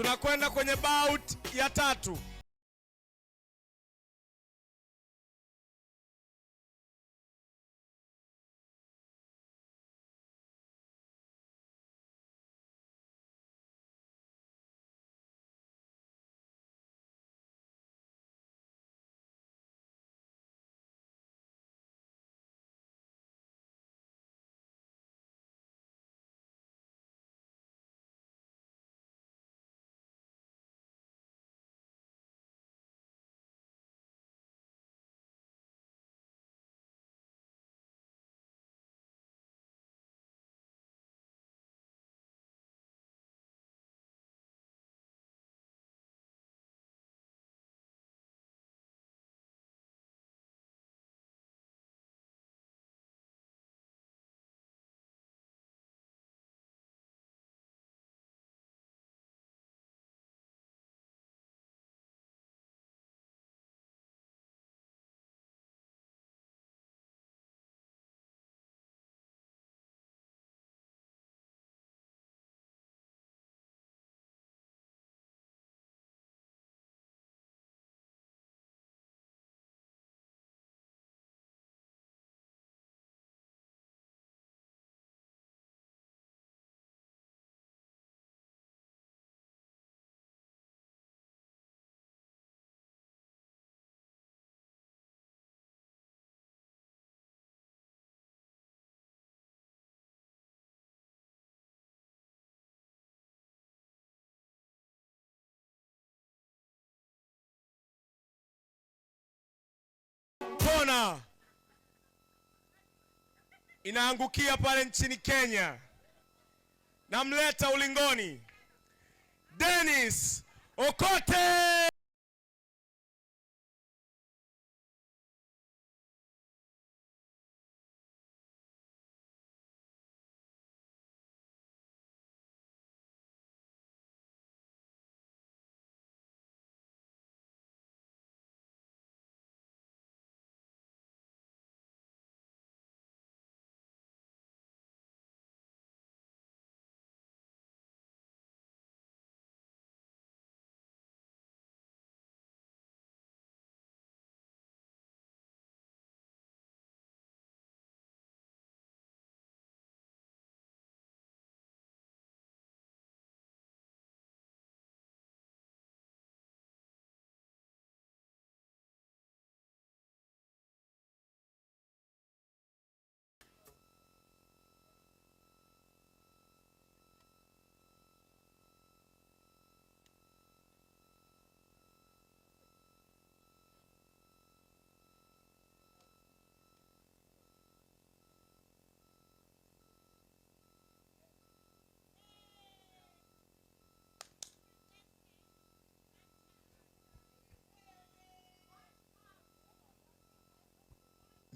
Tunakwenda kwenye bout ya tatu. Corona inaangukia pale nchini Kenya. Namleta ulingoni Dennis Okote.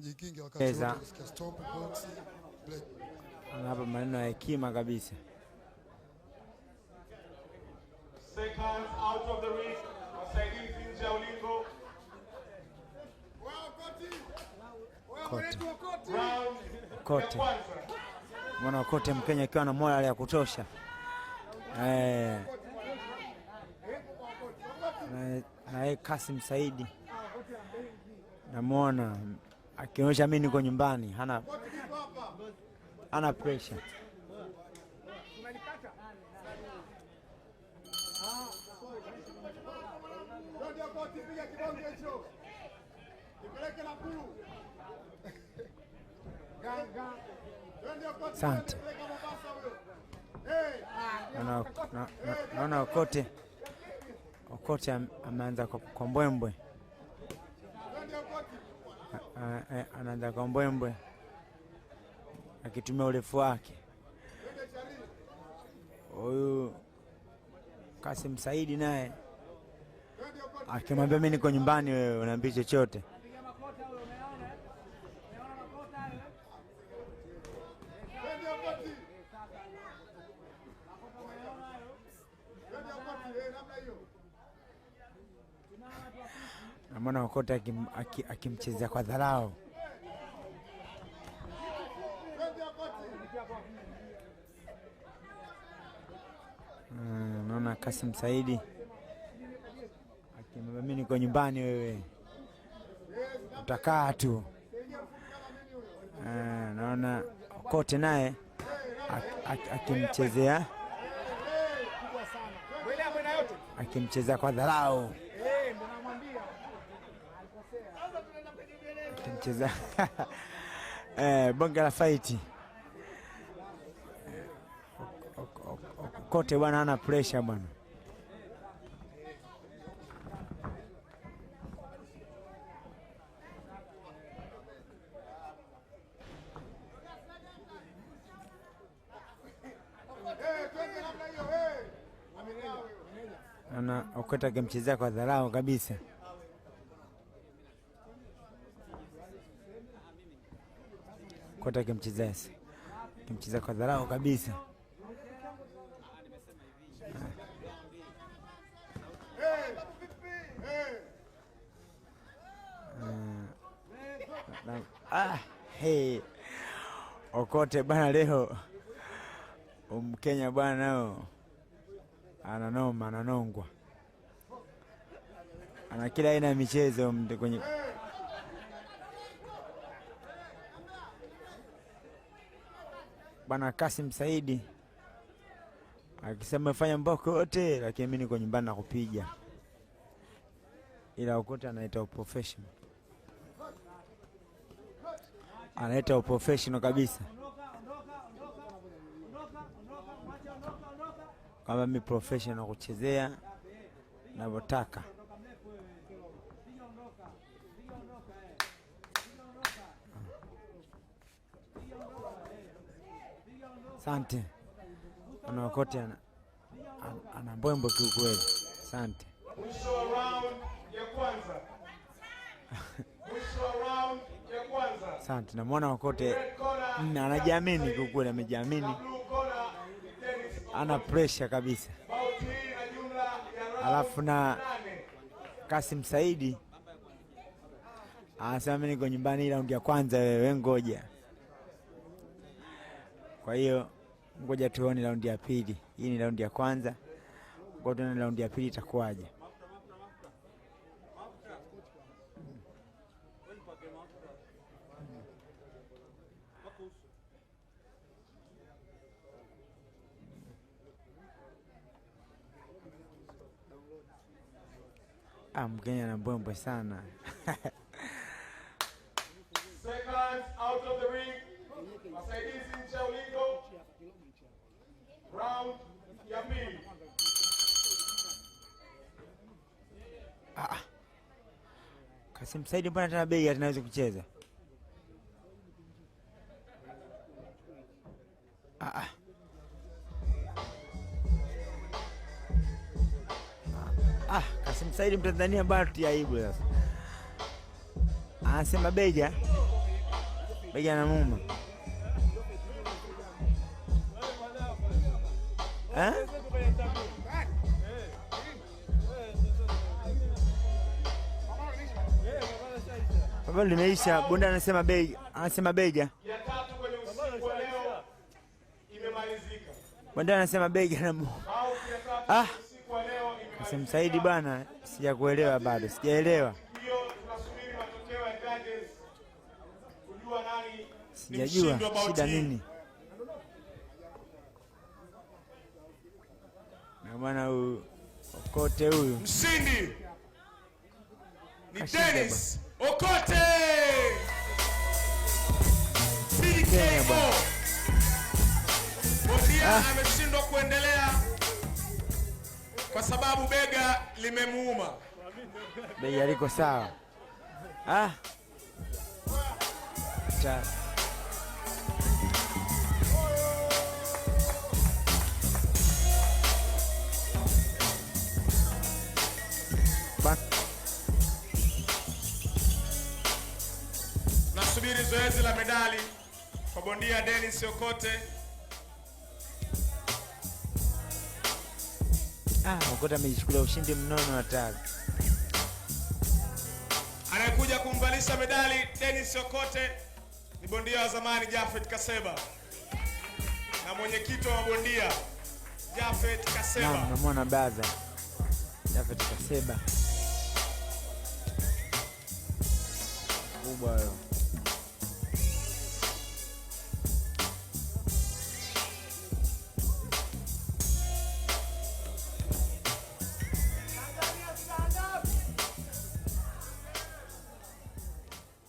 mjikinge wakati maneno ya hekima kabisa. Seconds out of the ring. Kote mwana wa Kote Mkenya akiwa na morali ya kutosha eh, na, Kasim Saidi namwona akionyesha mimi niko nyumbani, hana hana pressure. Asante. Naona Okote Okote ameanza kwa mbwembwe anaanza kwa mbwembwe akitumia urefu wake. Huyu Kasim Saidi naye akimwambia mimi niko nyumbani, wewe unaambia chochote namwona Okota akimchezea kwa dharau eh, naona Kasim Saidi akimwambia mimi niko nyumbani, wewe utakaa tu. Eh, naona Okote naye akimchezea akimchezea kwa dharau. mcheza eh, bonge la fight kote bwana, ana pressure bwana. Ana okota kimchezea kwa dharau kabisa. Kota kimchezesi kimcheza kwa dharau kabisa. Ah. ah, hey. Okote bana leo Mkenya um bwana nao ananoma, ananongwa, ana kila aina ya michezo kwenye Bwana Kasim Saidi akisema fanya mboko yote, lakini mimi niko nyumbani na kupiga, ila ukuta anaita uprofessional, anaita uprofessional kabisa, kwamba mi professional kuchezea navyotaka. Asante. Wanaokoti ana, ana mbwembwe kiukweli. Asante. Mwisho wa round ya kwanza. Mwisho wa round ya kwanza. Asante. Namwona Okote anajiamini kiukweli, amejiamini, ana pressure kabisa, alafu na Kasim Saidi anasema mimi niko nyumbani, raundi ya kwanza wewe ngoja kwa hiyo ngoja tuone raundi ya pili. Hii ni raundi ya kwanza, ngoja tuone raundi ya pili itakuwaje. Ah, Mkenya na mbwembwe sana simsaidi, mbona tena bei atinaweza kucheza? Ah. Ah, ah, ah Kasim Saidi Mtanzania bado tiaibu sasa. Anasema Beja. Beja na muma. Eh? Pambano limeisha. Bonde anasema bei, anasema Beja. Bonde anasema Beja na ah, nasema Saidi bwana, sijakuelewa bado, sijaelewa, sijajua shida nini na bwana huyu kote huyu mshindi ni Dennis Okote CKO. Bondia ah. ameshindwa kuendelea kwa sababu bega limemuuma. Bega liko sawa. Ah. Cha. zoezi la medali kwa bondia Dennis Okote. Ah, Okote amejichukulia ushindi mnono wa tatu. Anayekuja kumvalisha medali Dennis Okote ni bondia wa zamani Jafet Kaseba na mwenyekiti wa bondia Jafet Kaseba. Namwona baza Jafet Kaseba kubwa